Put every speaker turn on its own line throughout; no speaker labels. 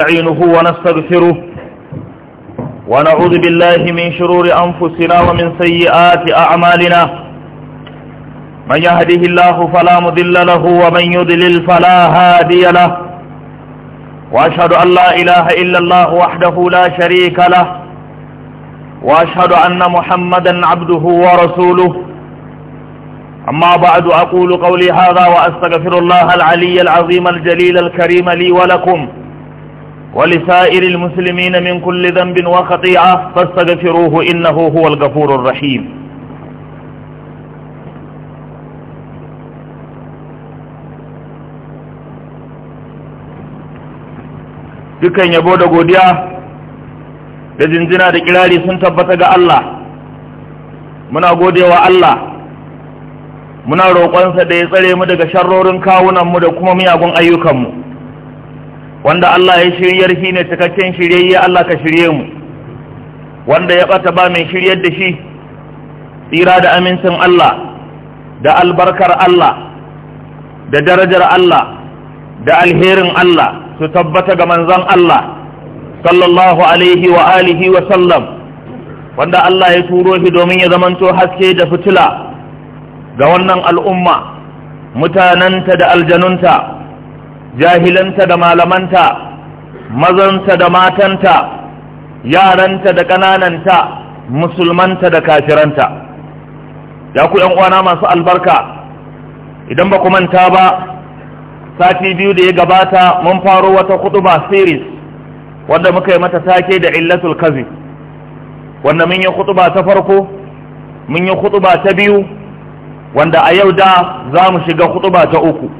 نستعينه ونستغفره ونعوذ بالله من شرور أنفسنا ومن سيئات أعمالنا من يهده الله فلا مذل له ومن يذلل فلا هادي له وأشهد أن لا إله إلا الله وحده لا شريك له وأشهد أن محمدا عبده ورسوله أما بعد أقول قولي هذا وأستغفر الله العلي العظيم الجليل الكريم لي ولكم ولسائر المسلمين من كل ذنب وخطيئة فاستغفروه إنه هو الغفور الرحيم dukan yabo da godiya da jinjina da kirari sun tabbata ga Allah muna godewa Allah muna roƙonsa da ya tsare mu daga sharrorin kawunanmu da kuma miyagun ayyukanmu wanda Allah ya shiryar shi ne cikakken shiryayye Allah ka shirye mu wanda ya bata ba mai shiryar da shi tsira da amincin Allah da albarkar Allah da darajar Allah da alherin Allah su tabbata ga manzon Allah sallallahu alaihi wa alihi wa sallam wanda Allah ya turo shi domin ya zamanto haske da fitila ga wannan al'umma mutananta da aljanunta jahilanta da malamanta mazanta da matanta yaranta da ƙanananta musulmanta da kafiranta ya ku uwana masu albarka idan ba ku manta ba sati biyu da ya gabata mun faro wata huɗuba series wanda muka yi mata take da illatul kazi wanda mun yi kutuba ta farko mun yi kutuba ta biyu wanda a yau da za mu shiga huɗuba ta uku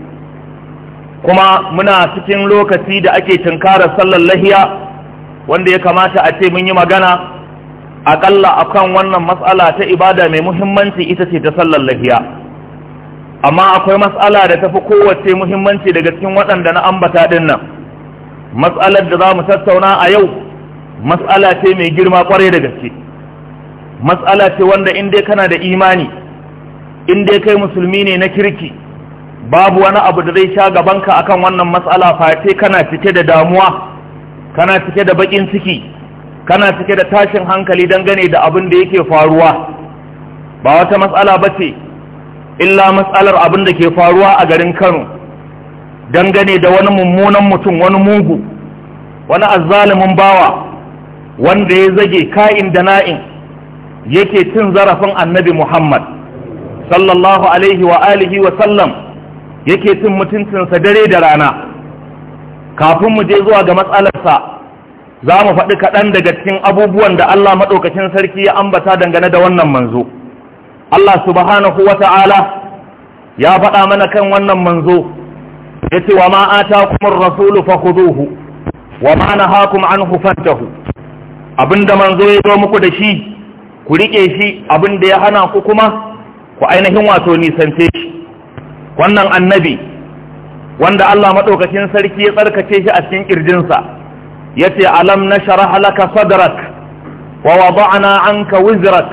kuma muna cikin lokaci da ake tunkarar sallar lahiya wanda ya kamata a ce mun yi magana a kan wannan mas'ala ta ibada mai muhimmanci ita ce ta sallar lahiya amma akwai mas'ala da tafi kowace muhimmanci daga cikin waɗanda na ambata din nan mas'alar da za mu tattauna a yau matsala ce mai girma kwarai da gaske Mas'ala ce wanda in dai kana da imani in dai kai musulmi ne na kirki babu wani abu da zai sha gaban gabanka akan wannan matsala fate kana cike da damuwa kana cike da bakin ciki kana cike da tashin hankali dangane da abin da yake faruwa ba wata matsala ba ce illa matsalar abin da ke faruwa a garin kano dangane da wani mummunan mutum wani mugu wani azzalumin bawa wanda ya zage ka'in da na'in yake cin zarafin annabi muhammad sallallahu alaihi wa alihi wa sallam yake cin mutuncinsa dare da rana kafin mu je zuwa ga matsalarsa za mu faɗi kaɗan daga cikin abubuwan da Allah maɗaukacin sarki ya ambata dangane da wannan manzo Allah subhanahu wa ta'ala ya faɗa mana kan wannan manzo ya ce wa ma'ata kuma rasulu fa kuduhu wa ma'ana hakum an hufantahu abinda manzo ya zo muku da shi ku riƙe shi abin da ya hana ku kuma ku ainihin wato nisance shi wannan annabi wanda Allah maɗaukacin sarki ya tsarkake shi a cikin ƙirjinsa ya ce alam na sharaha laka sadrak wa wada'ana anka wizrak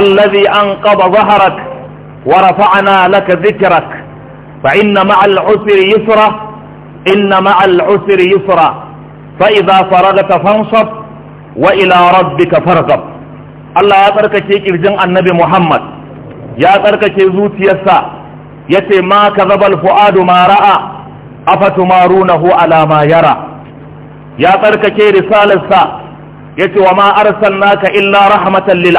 allazi an qaba zaharak wa rafa'ana laka zikrak fa inna ma'al usri yusra inna ma'al usri yusra fa idza faragta fansab wa ila rabbika farghab Allah ya tsarkake ƙirjin annabi Muhammad ya tsarkake zuciyarsa yace ma zabal fuadu ma ra'a afatumarunahu ala alama yara ya tsarkake risalarsa yace wa ma naka illa rahmatan lil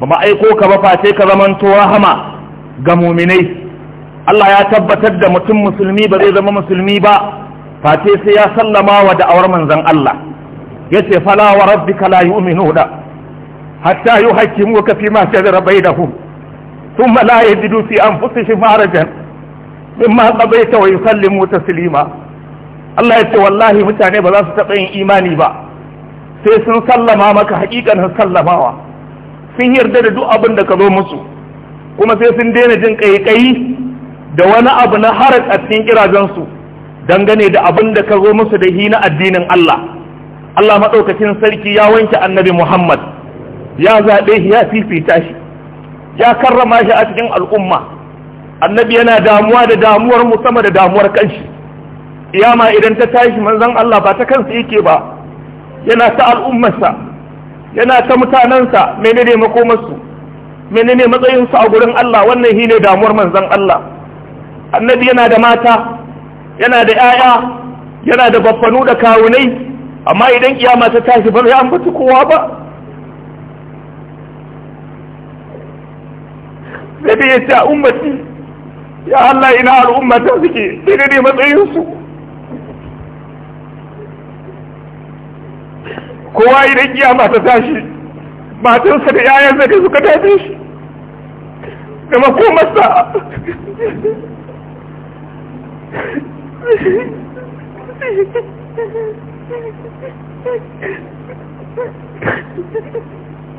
ba ma aiko ka ba face ka zamanto rahama ga muminai Allah ya tabbatar da mutum musulmi ba zai zama musulmi ba face sai ya sallama wa da'awar manzan Allah yace fala wa rabbika la da hatta yuhaqqimuka fi ma shajara bainahum ثم لا يجدوا في أنفسهم حرجا مما قضيت ويسلموا تسليما Allah ya ce wallahi mutane ba za su taɓa yin imani ba sai sun sallama maka haƙiƙan sallamawa sun yarda da duk abin da ka zo musu kuma sai sun daina jin ƙaiƙayi da wani abu na harat a cikin kirajensu dangane da abun da ka zo musu da hina addinin Allah Allah maɗaukakin sarki ya wanke annabi Muhammad ya zaɓe shi ya fifita shi ya karrama shi a cikin al'umma annabi yana damuwa da damuwar mu sama da damuwar kanshi iyama idan ta tashi manzon Allah ba ta kansa yake ba yana ta al'ummarsa yana ta mutanansa, menene makomarsu menene matsayinsu a gurin Allah wannan shine damuwar manzon Allah annabi yana da mata yana da 'ya'ya yana da baffanu da kawunai amma idan kiyama ta tashi ba ya an kowa ba nabi ya ce ummati ya Allah ina al'ummata suke sai ne su kowa idan kiyama ta tashi matarsa da yayansa da suka tafi shi da makomarsa Thank you.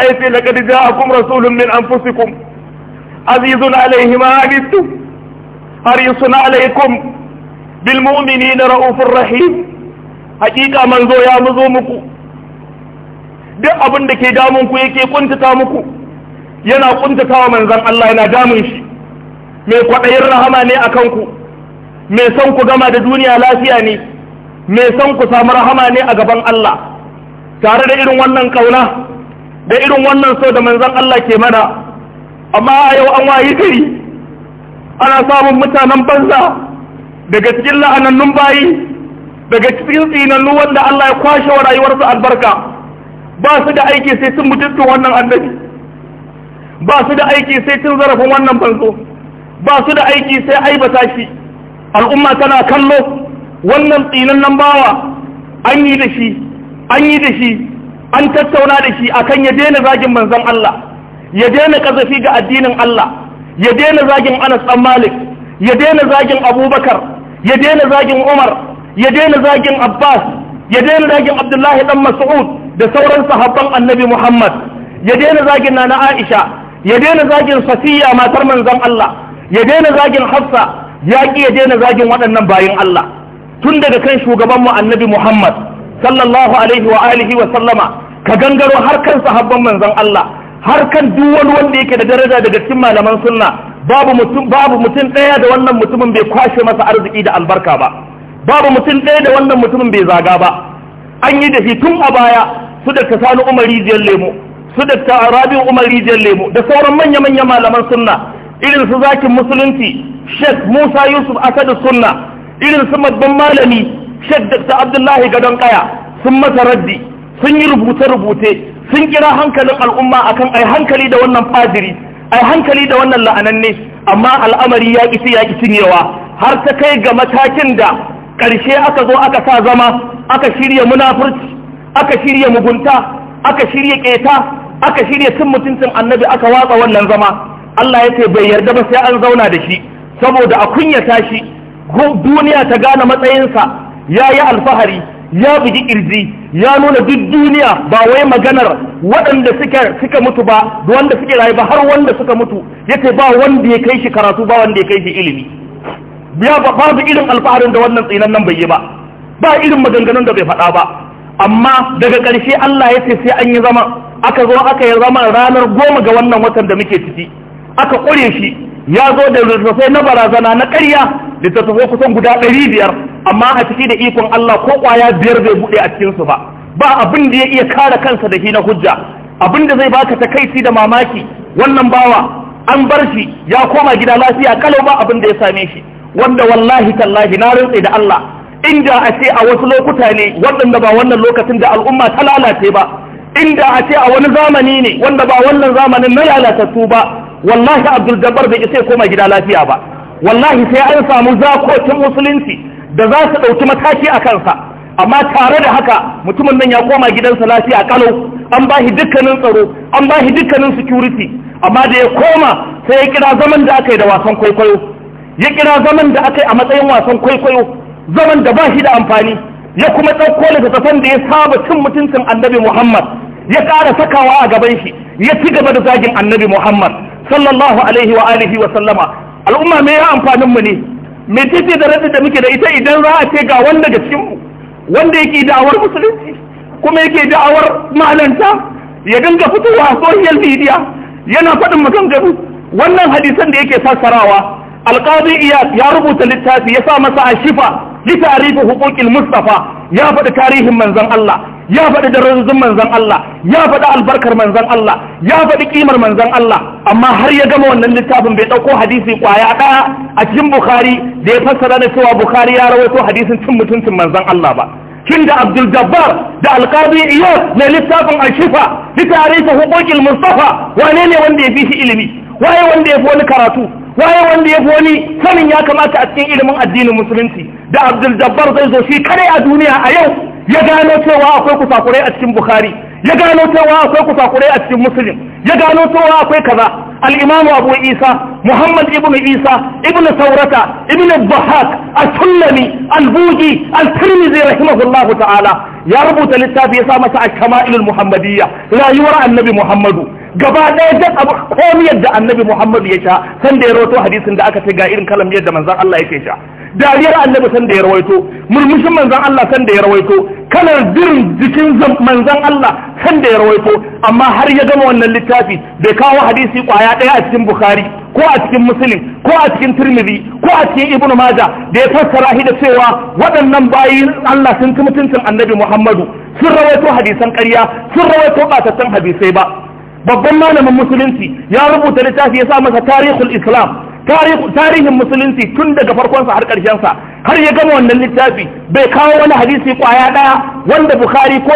Allah ya ce laqad ja'akum rasulun min anfusikum azizun alayhi ma anittum harisun alaykum bil mu'minina raufur rahim hakika manzo ya muzo muku duk abin da ke damun ku yake kuntata muku yana kuntata wa manzon Allah yana damun shi mai kwaɗayin rahama ne akan ku mai son ku gama da duniya lafiya ne mai son ku samu rahama ne a gaban Allah tare da irin wannan kauna da irin wannan so da manzan Allah ke mana amma a yau an wayi gari ana samun mutanen banza daga cikin la'anannun bayi daga cikin tsinannu wanda Allah ya kwashe wa rayuwarsu albarka ba su da aiki sai sun mutuntun wannan annabi ba su da aiki sai sun zarafin wannan banzo ba su da aiki sai aibata shi al'umma tana kallo wannan tsinannan bawa an yi da shi an yi da shi an tattauna da shi akan ya daina zagin manzon Allah ya daina kazafi ga addinin Allah ya daina zagin Anas dan Malik ya daina zagin Abubakar ya daina zagin Umar ya daina zagin Abbas ya daina zagin Abdullahi dan Mas'ud da sauran sahabban Annabi Muhammad ya daina zagin Nana Aisha ya daina zagin Safiya matar manzon Allah ya daina zagin Hafsa ya ki ya daina zagin waɗannan bayin Allah tun daga kan shugabanmu Annabi Muhammad sallallahu alaihi wa alihi wa sallama ka gangaro har kan sahabban manzon Allah har kan duk wani wanda yake da daraja daga cikin malaman sunna babu mutum babu mutum daya da wannan mutumin bai kwashe masa arziki da albarka ba babu mutum daya da wannan mutumin bai zaga ba an yi da shi tun a baya su da Sani umar rijiyar lemu, su da ta umar rijiyar lemo da sauran manya-manya malaman sunna irin su zakin musulunci sheikh musa yusuf asadu sunna irin su babban malami sheikh dr abdullahi gadon kaya sun masa raddi sun yi rubuce-rubuce sun kira hankalin al'umma akan ai hankali da wannan fajiri ai hankali da wannan la'ananne amma al'amari ya ƙi ya ƙi cinyewa har ta kai ga matakin da ƙarshe aka zo aka sa zama aka shirya munafurci aka shirya mugunta aka shirya ƙeta aka shirya cin mutuncin annabi aka watsa wannan zama Allah ya ce bai yarda ba sai an zauna da shi saboda a kunyata shi duniya ta gane matsayinsa ya yi alfahari ya bugi ƙirji ya nuna duk duniya ba wai maganar waɗanda suka mutu ba da wanda suke rayu ba har wanda suka mutu yace ba wanda ya kai shi karatu ba wanda ya kai shi ilimi ya babu irin alfaharin da wannan tsinan nan bai yi ba ba irin maganganun da bai faɗa ba amma daga ƙarshe Allah ya ce sai an yi zama aka zo aka yi zama ranar goma ga wannan watan da muke ciki aka ƙure shi ya zo da littattafai na barazana na ƙarya littattafai kusan guda ɗari biyar amma a ciki da ikon Allah ko kwaya biyar bai bude a cikin su ba ba abin da ya iya kare kansa da shi na hujja abin da zai baka takaici da mamaki wannan bawa an bar shi ya koma gida lafiya kalau ba abin da ya same shi wanda wallahi tallahi na rantse da Allah inda a ce a wasu lokuta ne waɗanda ba wannan lokacin da al'umma ta lalace ba inda a ce a wani zamani ne wanda ba wannan zamanin na lalatattu ba wallahi abdul jabbar bai isa koma gida lafiya ba wallahi sai an samu zakocin musulunci da za su ɗauki mataki a kansa amma tare da haka mutumin nan ya koma gidansa lafiya kalau an ba shi dukkanin tsaro an ba shi dukkanin security amma da ya koma sai ya kira zaman da aka yi da wasan kwaikwayo ya kira zaman da aka yi a matsayin wasan kwaikwayo zaman da ba shi da amfani ya kuma ɗauko littattafan da ya saba cin mutuncin annabi muhammad ya ƙara sakawa a gaban shi ya ci gaba da zagin annabi muhammad sallallahu alaihi wa alihi wa sallama al'umma me ya amfanin mu ne mecece da rabi da muke da ita idan za a ce ga wanda daga cikinmu wanda yake da'awar musulunci kuma yake da'awar malanta ya dinga fitowa a social media yana faɗin maganganu wannan hadisan da yake fassarawa alqadi iyad ya rubuta littafi ya sa masa a shifa li tarihi huquqil mustafa ya faɗi tarihin manzon Allah ya faɗi darajojin manzan Allah ya faɗi albarkar manzan Allah ya faɗi kimar manzan Allah amma har ya gama wannan littafin bai ɗauko hadisi ƙwaya ɗaya a cikin Bukhari da ya fassara da cewa Bukhari ya rawaito hadisin cin mutuncin manzan Allah ba kin da Abdul Jabbar da Alqadi Iyad na littafin Al-Shifa bi tarihi huquqil Mustafa wane ne wanda ya fi shi ilimi waye wanda ya fi wani karatu waye wanda ya fi wani sanin ya kamata a cikin ilimin addinin musulunci da Abdul Jabbar zai zo shi kare a duniya a yau ya gano cewa akwai kusakurai a cikin bukhari ya gano cewa akwai kusakurai a cikin musulun ya gano cewa akwai kaza al abu isa muhammad ibnu isa ibnu saurata ibnu bahak al-sullami al bugi al-tirmidhi rahimahullah ta'ala ya rubuta littafi ya sa masa a kamailul muhammadiyya rayuwar annabi muhammadu gaba ɗaya duk abu komiyar da annabi muhammadu ya sha sanda ya roto hadisin da aka ce ga irin kalamiyar da manzon Allah yake sha dariyar annabi san da ya rawaito murmushin manzon Allah san da ya rawaito kalar dirin jikin manzon Allah san da ya rawaito amma har ya gama wannan littafi bai kawo hadisi kwaya ɗaya a cikin bukhari ko a cikin muslim ko a cikin tirmidhi ko a cikin ibnu maja da ya fassara shi da cewa waɗannan bayin Allah sun ci mutuncin annabi muhammadu sun rawaito hadisan ƙarya sun rawaito ɓatattun hadisai ba babban malamin musulunci ya rubuta littafi ya sa masa tarihul islam tarihin musulunci tun daga farkonsa har ƙarshensa har ya gama wannan littafi bai kawo wani hadisi kwaya ɗaya wanda bukhari ko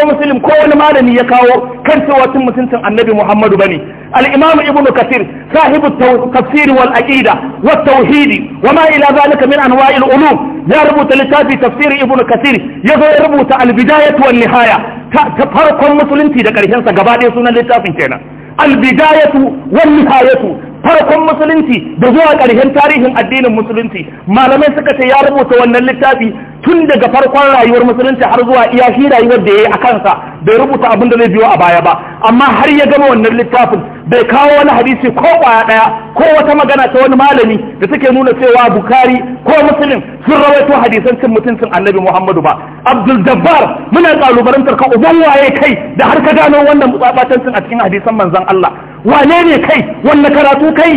ko wani malami ya kawo kan cewa tun mutuncin annabi muhammadu bane al-imam ibnu kathir sahibu tafsir wal aqida wat tauhid wa ma ila zalika min anwa'i al-ulum ya rubuta littafi tafsir ibnu kathir ya zo ya rubuta al-bidayah wan nihaya ta farkon musulunci da sa, gaba ɗaya sunan littafin kenan albidayatu wan nihayatu farkon musulunci da zuwa ƙarshen tarihin addinin musulunci malamai suka ce ya rubuta wannan littafi tun daga farkon rayuwar musulunci har zuwa iya shi rayuwar da ya yi a kansa bai rubuta abin da zai biyo a baya ba amma har ya gama wannan littafin bai kawo wani hadisi ko kwaya daya ko wata magana ta wani malami da take nuna cewa bukari ko musulun sun rawaito hadisan cin mutuncin annabi muhammadu ba abdul dabbar muna kalubalantar ka uban waye kai da har ka gano wannan mutsabatancin a cikin hadisan manzon allah wane ne kai wanne karatu kai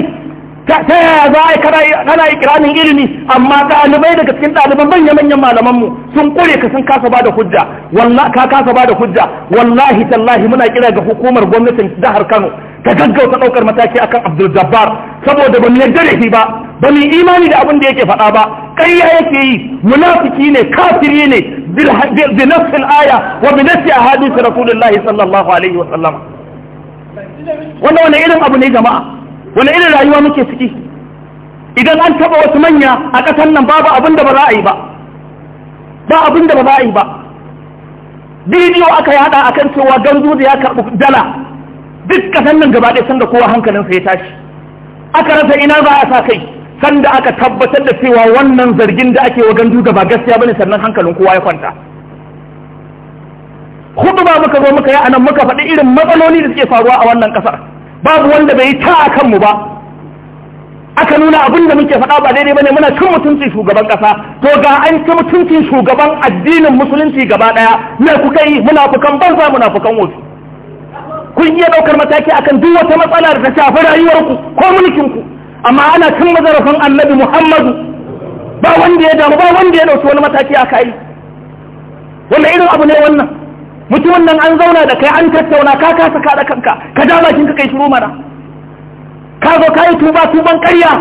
ta yaya za a yi kana ilimi amma ɗalibai daga cikin ɗaliban manya-manyan malamanmu sun ƙure ka sun kasa ba da hujja ka kasa ba da hujja wallahi tallahi muna kira ga hukumar gwamnatin jihar kano ta gaggauta ɗaukar mataki akan abdul jabbar saboda ba mu yarda da shi ba ba mu imani da abin da yake faɗa ba ƙarya yake yi munafiki ne kafiri ne binafsin aya wa binafsi a hadisi rasulullahi sallallahu alaihi wa sallam. wannan wani irin abu ne jama'a wani irin rayuwa muke ciki idan an taba wasu manya a ƙasar nan babu abin da ba za a yi ba ba abin da ba za a yi ba bidiyo aka yada kan cewa ganzu ya karɓi dala duk ƙasar nan gaba ɗaya sanda kowa hankalinsa ya tashi aka rasa ina za a sa kai sanda aka tabbatar da cewa wannan zargin da ake wa gandu da ba gaskiya bane sannan hankalin kowa ya kwanta hudu ba muka zo muka yi anan muka faɗi irin matsaloli da suke faruwa a wannan ƙasar babu wanda bai yi ta a kanmu ba aka nuna abin da muke faɗa ba daidai bane muna cin mutuncin shugaban ƙasa to ga an ci mutuncin shugaban addinin musulunci gaba ɗaya me kuka yi munafukan banza munafukan wasu kun iya ɗaukar mataki akan duk wata matsala da ta shafi rayuwarku ko mulkinku amma ana cin mazarafin annabi muhammadu ba wanda ya damu ba wanda ya ɗauki wani mataki aka yi wanda irin abu ne wannan mutumin nan an zauna da kai an tattauna ka kasa kada kanka ka ja bakin ka kai shiru mana ka zo ka tuba tuban ƙarya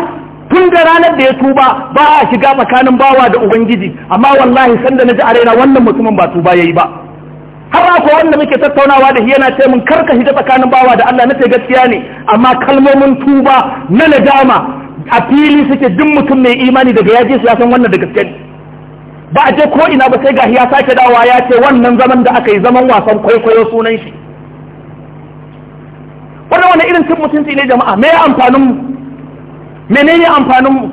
tun da ranar da ya tuba ba a shiga tsakanin bawa da ubangiji amma wallahi sanda na ji a raina wannan mutumin ba tuba yayi ba har ko wanda muke tattaunawa da shi yana ce mun karka shiga tsakanin bawa da Allah na ce gaskiya ne amma kalmomin tuba na nadama a fili suke duk mutum mai imani daga yaje su ya san wannan da gaskiya ba a je ko ina ba sai ga ya sake dawa ya ce wannan zaman da aka yi zaman wasan kwaikwayo sunan shi wannan wani irin cin mutunci ne jama'a me ya amfanin mu menene amfanin mu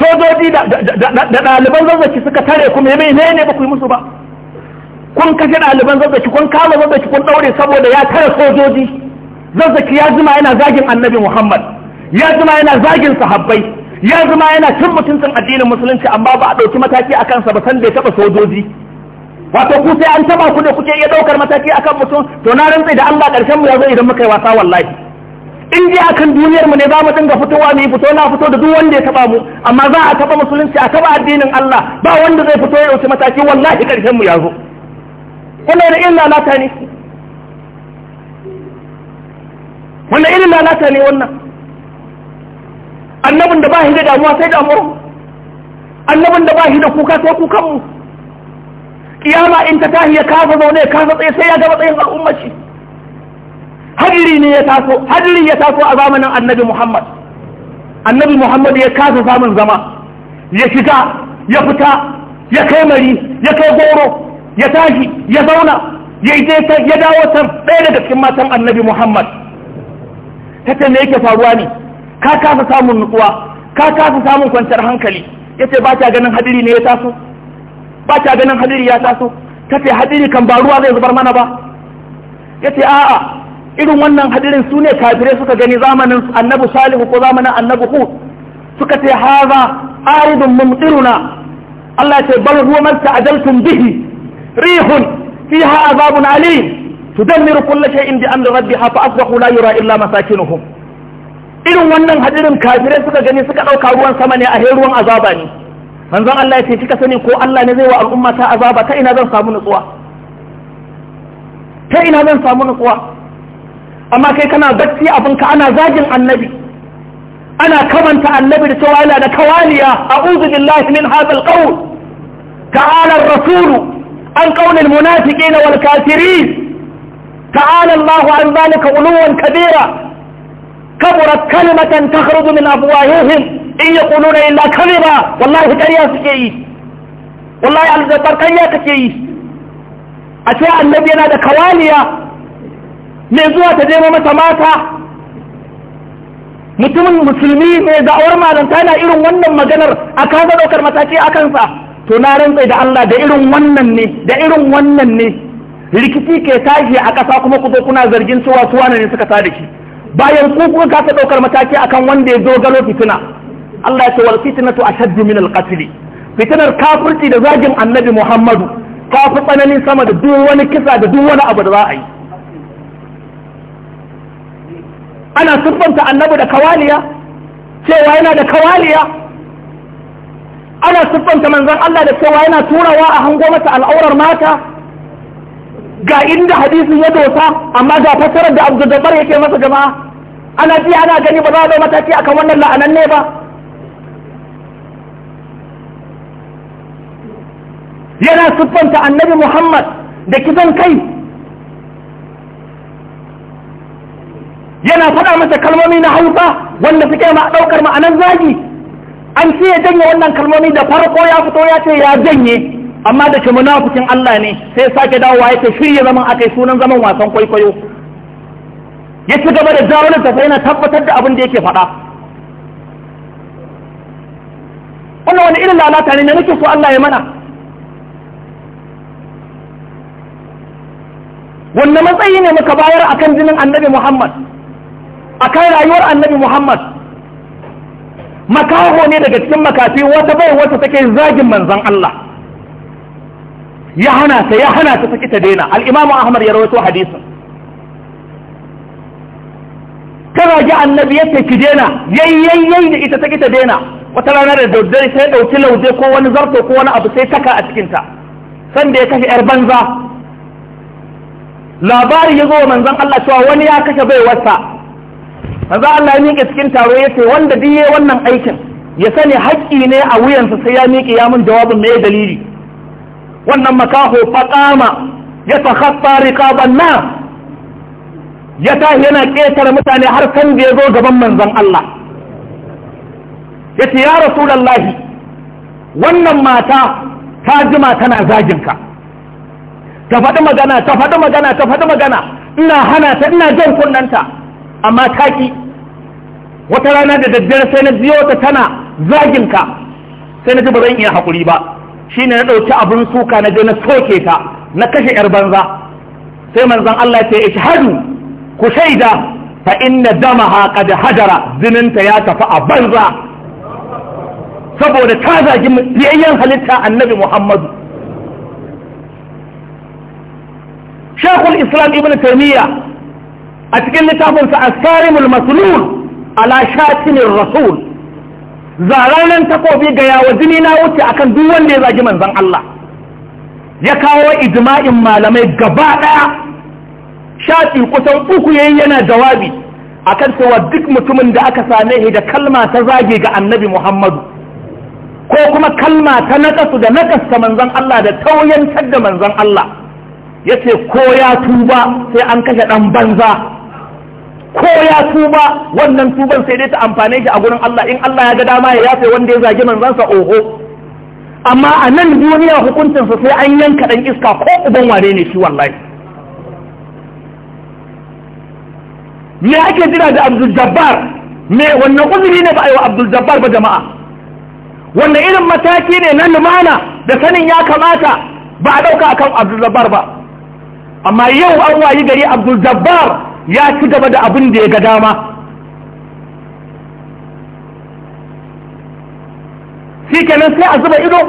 sojoji da ɗaliban zazzaki suka tare ku me menene ba ku yi musu ba kun kashe ɗaliban zazzaki kun kama zazzaki kun ɗaure saboda ya tare sojoji zazzaki ya jima yana zagin annabi muhammad ya jima yana zagin sahabbai Yanzu ma yana cin mutuncin addinin musulunci amma ba a ɗauki mataki a kansa ba san bai taɓa sojoji wato ku sai an taɓa ku da kuke iya ɗaukar mataki a kan mutum to na rantsi da Allah ƙarshen mu ya zo idan muka yi wasa wallahi in dai akan duniyar mu ne za mu dinga fitowa mu yi fito na fito da duk wanda ya taɓa mu amma za a taɓa musulunci a taɓa addinin Allah ba wanda zai fito ya ɗauki mataki wallahi ƙarshen mu ya zo wannan da illa lata ne wannan irin lalata ne wannan annabin da ba shi da damuwa sai damuwa annabin da ba shi da kuka sai kukan mu kiyama in ta tahi ya kasa zaune ya kasa tsaye sai ya gaba tsayin al'ummaci hadiri ne ya taso hadiri ya taso a zamanin annabi Muhammad annabi Muhammad ya kasa samun zama ya shiga ya fita ya kai mari ya kai goro ya tashi ya zauna ya je ya dawo san ɗaya daga cikin matan annabi Muhammad ta ce me yake faruwa ne ka kasa samun nutsuwa ka kasa samun kwanciyar hankali yace ba ta ganin hadiri ne ya taso ba ta ganin hadiri ya taso tace hadiri kan ba ruwa zai zubar mana ba yace a'a irin wannan hadirin sune ne kafirai suka gani zamanin annabi salihu ko zamanin annabi hud suka ce haza aridun mumtiruna Allah ya ce bal huwa man ta'ajaltum bihi rihun fiha azabun alim tudammiru kulli shay'in bi amri rabbiha fa asbahu la yura illa masakinuhum irin wannan hadirin kafirai suka gani suka ɗauka ruwan sama ne a ruwan azaba ne manzon Allah ya ce kika sani ko Allah ne zai wa al'umma ta azaba ta ina zan samu nutsuwa ta ina zan samu nutsuwa amma kai kana bacci abin ka ana zagin annabi ana kamanta annabi da cewa yana da kawaliya a'udhu billahi min hadha al-qawl ta'ala ar-rasul an qawl al na wal kafirin ta'ala Allah an zalika uluwan kabira kaburat kalimatan takhruju min afwahihim in yaquluna illa kalima wallahi ƙarya suke yi wallahi alzabar ƙarya kake yi a ce annabi yana da kawaliya mai zuwa ta je mata mata mutumin musulmi mai zawar malanta na irin wannan maganar a kasa daukar mataki a kansa to na rantsai da Allah da irin wannan ne da irin wannan ne rikici ke tashi a ƙasa kuma ku zo kuna zargin suwa suwa ne suka sa da shi bayan ku kuka kasa ɗaukar mataki akan wanda ya dogaro fitina Allah ya ce wal fitnatu ashaddu min al-qatl fitinar kafirci da zagin annabi Muhammadu ta fi tsananin sama da duk wani kisa da duk wani abu da za a yi ana siffanta annabi da kawaliya cewa yana da kawaliya ana siffanta manzon Allah da cewa yana turawa a hango mata al'aurar mata ga inda hadisin ya dosa amma ga fasarar da abu yake masa jama'a ana ji ana gani ba za a zo mataki akan wannan la'anan ne ba yana siffanta annabi muhammad da kisan kai yana faɗa masa kalmomi na hausa wanda suke ma ɗaukar ma'anar zagi an ce ya janye wannan kalmomi da farko ya fito ya ce ya janye amma da ke munafukin allah ne sai sake dawowa ya ce shirya zaman akai sunan zaman wasan kwaikwayo ya ci gaba da jawalin tafa yana tabbatar da abin da yake faɗa wannan wani irin lalata ne na nake so Allah ya mana wanne matsayi ne muka bayar akan jinin annabi Muhammad akan rayuwar annabi Muhammad makaho ne daga cikin makafi wata bai wata take zagin manzon Allah ya hana ta ya hana ta take ta daina al-Imam Ahmad ya rawaito hadisin ta ji annabi yace ki dena yayyayyai da ita take ta dena wata rana da daddare sai dauki lauje ko wani zarto ko wani abu sai taka a cikinta, sanda san da ya kashe yar banza labari ya zo wa manzon Allah cewa wani ya kashe baiwarsa manzon Allah ya miƙe cikin taro ce wanda duk yayi wannan aikin ya sani haƙƙi ne a wuyansa sai ya miƙe ya mun jawabin me dalili wannan makaho faqama ya takhaffa riqaban nas ya tashi yana ƙetare mutane har kan da ya zo gaban manzon Allah ya ce ya rasulallahi wannan mata ta jima tana zaginka ta faɗi magana ta faɗi magana ta faɗi magana ina hana ta ina jan kunnanta amma ta ki wata rana da daddare sai na biyo ta tana zaginka sai na ji ba zan iya haƙuri ba shine na ɗauki abin suka na je na soke ta na kashe 'yar banza sai manzon Allah ya ce ishadu ku shaida fa inna damaha qad hajara zininta ya tafi a banza saboda ta zagi biyayyen halitta annabi Muhammadu Shekul Islam Ibn Taimiyya a cikin littafinsa As-Sarimul Maslul ala shatimin Rasul zaranan takobi ga yawa jini na wuce akan duk wanda ya zagi manzan Allah ya kawo ijma'in malamai gaba daya shafi kusan uku yayi yana jawabi a akan cewa duk mutumin da aka same shi da kalma ta zage ga annabi Muhammadu ko kuma kalma ta nakasu da nakasta manzan Allah da tauyantar da manzan Allah ya ce ko ya tuba sai an kashe ɗan banza ko ya tuba wannan tuban sai dai ta amfane shi a gurin Allah in Allah ya ga dama ya yafe wanda ya zage manzansa oho amma a nan duniya hukuncinsa sai an yanka ɗan iska ko uban ware ne shi wallahi me ake jira da abdul jabbar me wannan uzuri ne ba a yi wa abdul jabbar ba jama'a wanda irin mataki ne na lumana da sanin ya kamata ba a ɗauka akan abdul jabbar ba amma yau an wayi gari abdul jabbar ya ci gaba da abin da ya ga dama shi kenan sai a zuba ido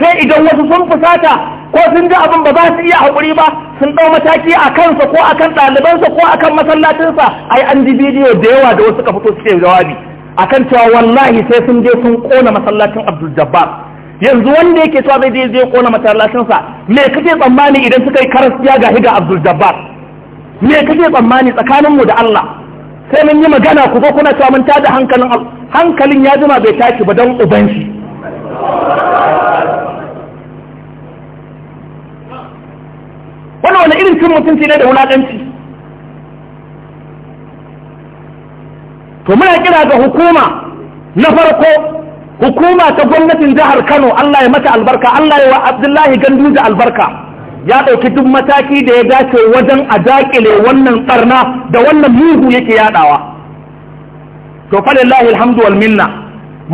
sai idan wasu sun fusata ko sun ji abin ba za su iya haƙuri ba sun ɗau mataki a kansa ko akan ɗalibansa ko akan masallacinsa ai an ji bidiyo da yawa da wasu suka fito suke jawabi akan cewa wallahi sai sun je sun ƙona masallacin abdul jabbar yanzu wanda yake cewa bai je zai kona masallacinsa me kake tsammani idan suka yi karas karasiya ga higa Abdul Jabbar me kake tsammani tsakanin mu da Allah sai mun yi magana ku zo kuna cewa mun tada hankalin hankalin ya jima bai tashi ba don uban shi wani irin cin mutunci ne da wulaƙanci to muna kira ga hukuma na farko hukuma ta gwamnatin jihar kano allah ya mata albarka allah ya wa abdullahi ganduja albarka ya ɗauki duk mataki da ya dace wajen a daƙile wannan tsarna da wannan mugu yake yaɗawa to falillahi alhamdu wal minna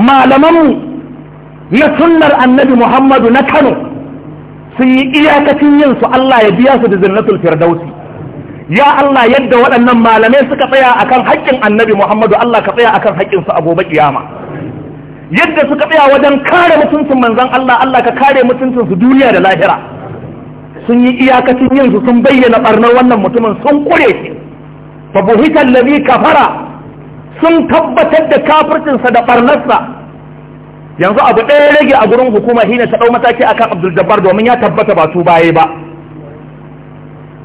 malamanmu na sunnar annabi muhammadu na kano sun yi iyakacin yin su Allah ya biya su da jannatul firdausi ya Allah yadda waɗannan malamai suka tsaya akan haƙƙin annabi Muhammadu Allah ka tsaya akan haƙƙin su a gobe kiyama yadda suka tsaya wajen kare mutuncin manzon Allah Allah ka kare mutuncin su duniya da lahira sun yi iyakacin yin su sun bayyana barnar wannan mutumin sun kure shi fa buhita allazi kafara sun tabbatar da kafircinsa da barnarsa yanzu abu ɗaya rage a gurin hukuma shine ta ɗau mataki akan Abdul Jabbar domin ya tabbata ba su baye ba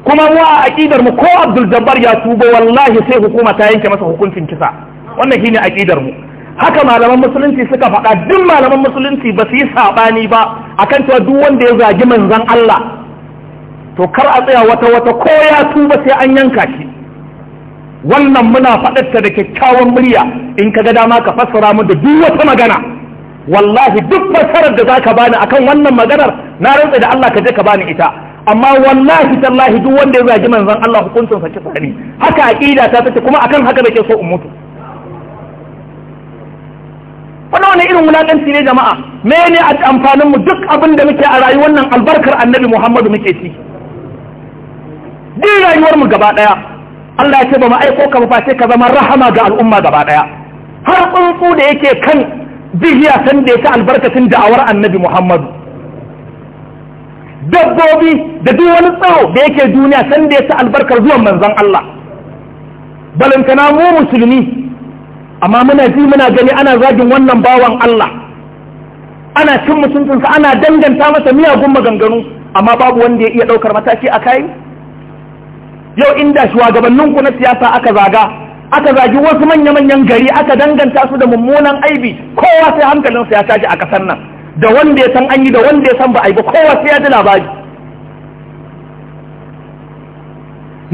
kuma mu a aƙidar mu ko Abdul Jabbar ya tuba wallahi sai hukuma ta yanke masa hukuncin kisa wannan shine aƙidar mu haka malaman musulunci suka faɗa duk malaman musulunci ba su yi saɓani ba akan cewa duk wanda ya zagi manzon Allah to kar a tsaya wata wata ko ya tuba sai an yanka shi wannan muna faɗarta da kyakkyawan murya in ka ga dama ka fassara mu da duk wata magana wallahi duk fasarar da zaka bani akan wannan maganar na rantsa da Allah ka je ka bani ita amma wallahi tallahi duk wanda ya zagi manzon Allah hukuncin sa kisa ne haka aqida ta tace kuma akan haka nake so in mutu wannan wani irin wulakanci ne jama'a mene a amfanin mu duk abin da muke a rayuwar nan albarkar annabi Muhammadu muke ci duk rayuwar mu gaba daya Allah ya ce ba mu aiko ka ba ka zama rahama ga al'umma gaba daya har tsuntsu da yake kan jihiya san da yake albarkacin da'awar annabi muhammadu dabbobi da duk wani tsaro da yake duniya san da ya ci albarkar zuwan manzan Allah balantana mu musulmi amma muna ji muna gani ana zagin wannan bawan Allah ana cin mutuntunsa ana danganta masa miyagun maganganu amma babu wanda ya iya ɗaukar mataki a kai yau inda shugabanninku na siyasa aka zaga aka zagi wasu manya-manyan gari aka danganta su da mummunan aibi kowa sai hankalinsa ya tashi a kasar nan da wanda ya san an yi da wanda ya san ba aibi kowa sai ya ji labari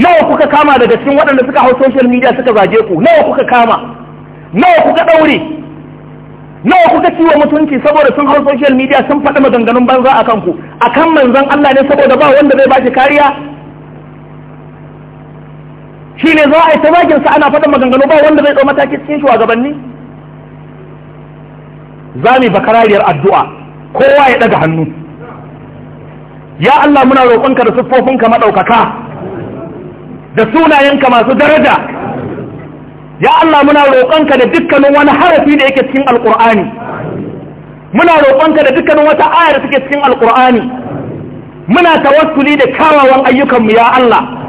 nawa kuka kama daga cikin waɗanda suka hau social media suka zage ku nawa kuka kama nawa kuka ɗaure nawa kuka ciwo mutunci saboda sun hau social media sun faɗi maganganun banza a kanku akan manzon Allah ne saboda ba wanda zai ba shi kariya shi ne za a yi ta sa ana faɗin maganganu ba wanda zai ɗau mataki cikin shugabanni za mu bakarariyar addu'a kowa ya ɗaga hannu ya Allah muna roƙonka da siffofinka maɗaukaka da sunayenka masu daraja ya Allah muna roƙonka da dukkanin wani harafi da yake cikin alƙur'ani muna roƙonka da dukkanin wata ayar da take cikin alƙur'ani muna tawassuli da kawawan ayyukanmu ya Allah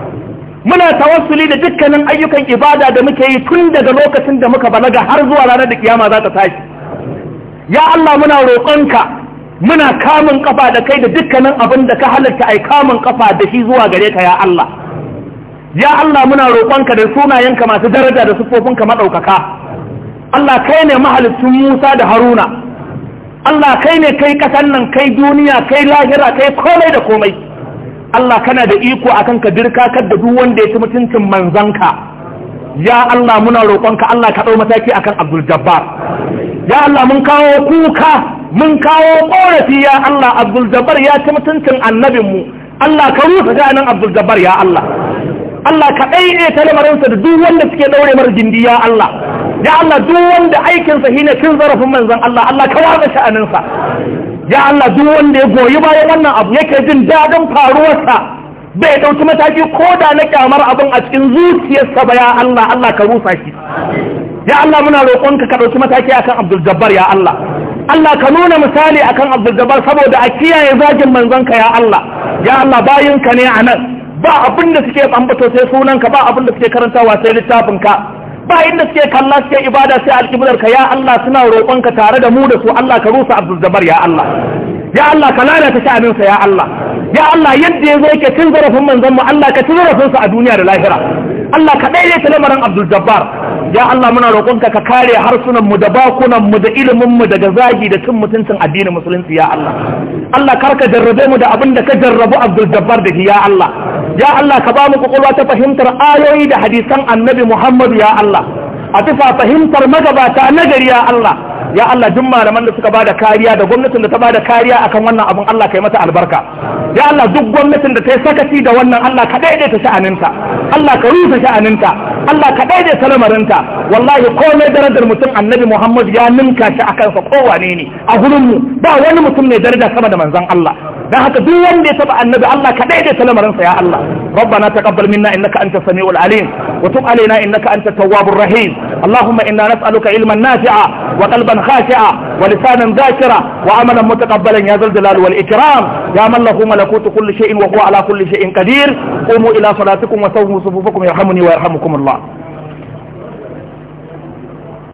muna tawassuli da dukkanin ayyukan ibada da muke yi tun daga lokacin da muka balaga har zuwa ranar da kiyama za ta tashi ya Allah muna roƙonka muna kamun kafa da kai da dukkanin abin da ka halarta ai kamun kafa da shi zuwa gare ka ya Allah ya Allah muna roƙonka da sunayenka masu daraja da siffofinka maɗaukaka Allah kai ne mahalicin Musa da Haruna Allah kai ne kai ƙasar nan kai duniya kai lahira kai komai da komai Allah kana da iko akan ka dirkakar da duk wanda ya ci mutuncin manzanka ya Allah muna roƙonka Allah ka ɗau mataki akan Abdul Jabbar ya Allah mun kawo kuka mun kawo ƙorafi ya Allah Abdul Jabbar ya ci mutuncin annabinmu Allah ka rusa ganin Abdul Jabbar ya Allah Allah ka ɗaiɗe ta lamarinsa da duk wanda suke ɗaure mara gindi ya Allah ya Allah duk wanda aikinsa shine cin zarafin manzan. Allah Allah ka watsa sha'aninsa ya Allah duk wanda ya goyi bayan wannan abu yake jin dadin faruwarsa bai ɗauki mataki ko da na kyamar abin a cikin zuciyarsa ba ya Allah Allah ka rusa shi ya Allah muna roƙonka ka dauki mataki akan Abdul Jabbar ya Allah Allah ka nuna misali akan Abdul Jabbar saboda a kiyaye zagin manzonka ya Allah ya Allah bayinka ne anan ba abin da suke ambato sai sunanka ba abinda da suke karantawa sai littafinka ba inda suke kalla suke ibada sai alƙiblar ka ya Allah suna roƙonka tare da mu da su Allah ka rusa Abdul Jabbar ya Allah ya Allah ka lalata sha'anin sa ya Allah ya Allah yadda ya zo yake cin zarafin manzon mu Allah ka ci zarafin sa a duniya da lahira Allah ka ta lamarin Abdul Jabbar ya Allah muna roƙonka ka kare harsunan mu da bakunan mu da ilimin mu daga zagi da cin mutuncin addinin musulunci ya Allah Allah karka jarrabe mu da abin da ka jarrabu Abdul Jabbar da ya Allah ya Allah ka ba mu kwakwalwa ta fahimtar ayoyi da hadisan annabi Muhammadu ya Allah a tufa fahimtar magabata nagari ya Allah ya Allah duk malaman da suka ba da kariya da gwamnatin da ta ba da kariya akan wannan abun Allah yi mata albarka ya Allah duk gwamnatin da ta yi sakaci da wannan Allah ka daidaita sha'aninta Allah ka rusa sha'aninta Allah ka daidaita lamarinta wallahi komai darajar mutum annabi Muhammad ya ninka shi akan sa kowane ne a gurin mu ba wani mutum ne daraja sama da manzon Allah dan haka duk wanda ya taba annabi Allah ka daidaita lamarinsa ya Allah ربنا تقبل منا انك انت السميع العليم وتب علينا انك انت التواب الرحيم اللهم انا نسالك علما نافعا وقلبا خاشعا ولسانا ذاكرا وعملا متقبلا يا ذا الجلال والاكرام يا من له ملكوت كل شيء وهو على كل شيء قدير قوموا الى صلاتكم وسووا صفوفكم يرحمني ويرحمكم الله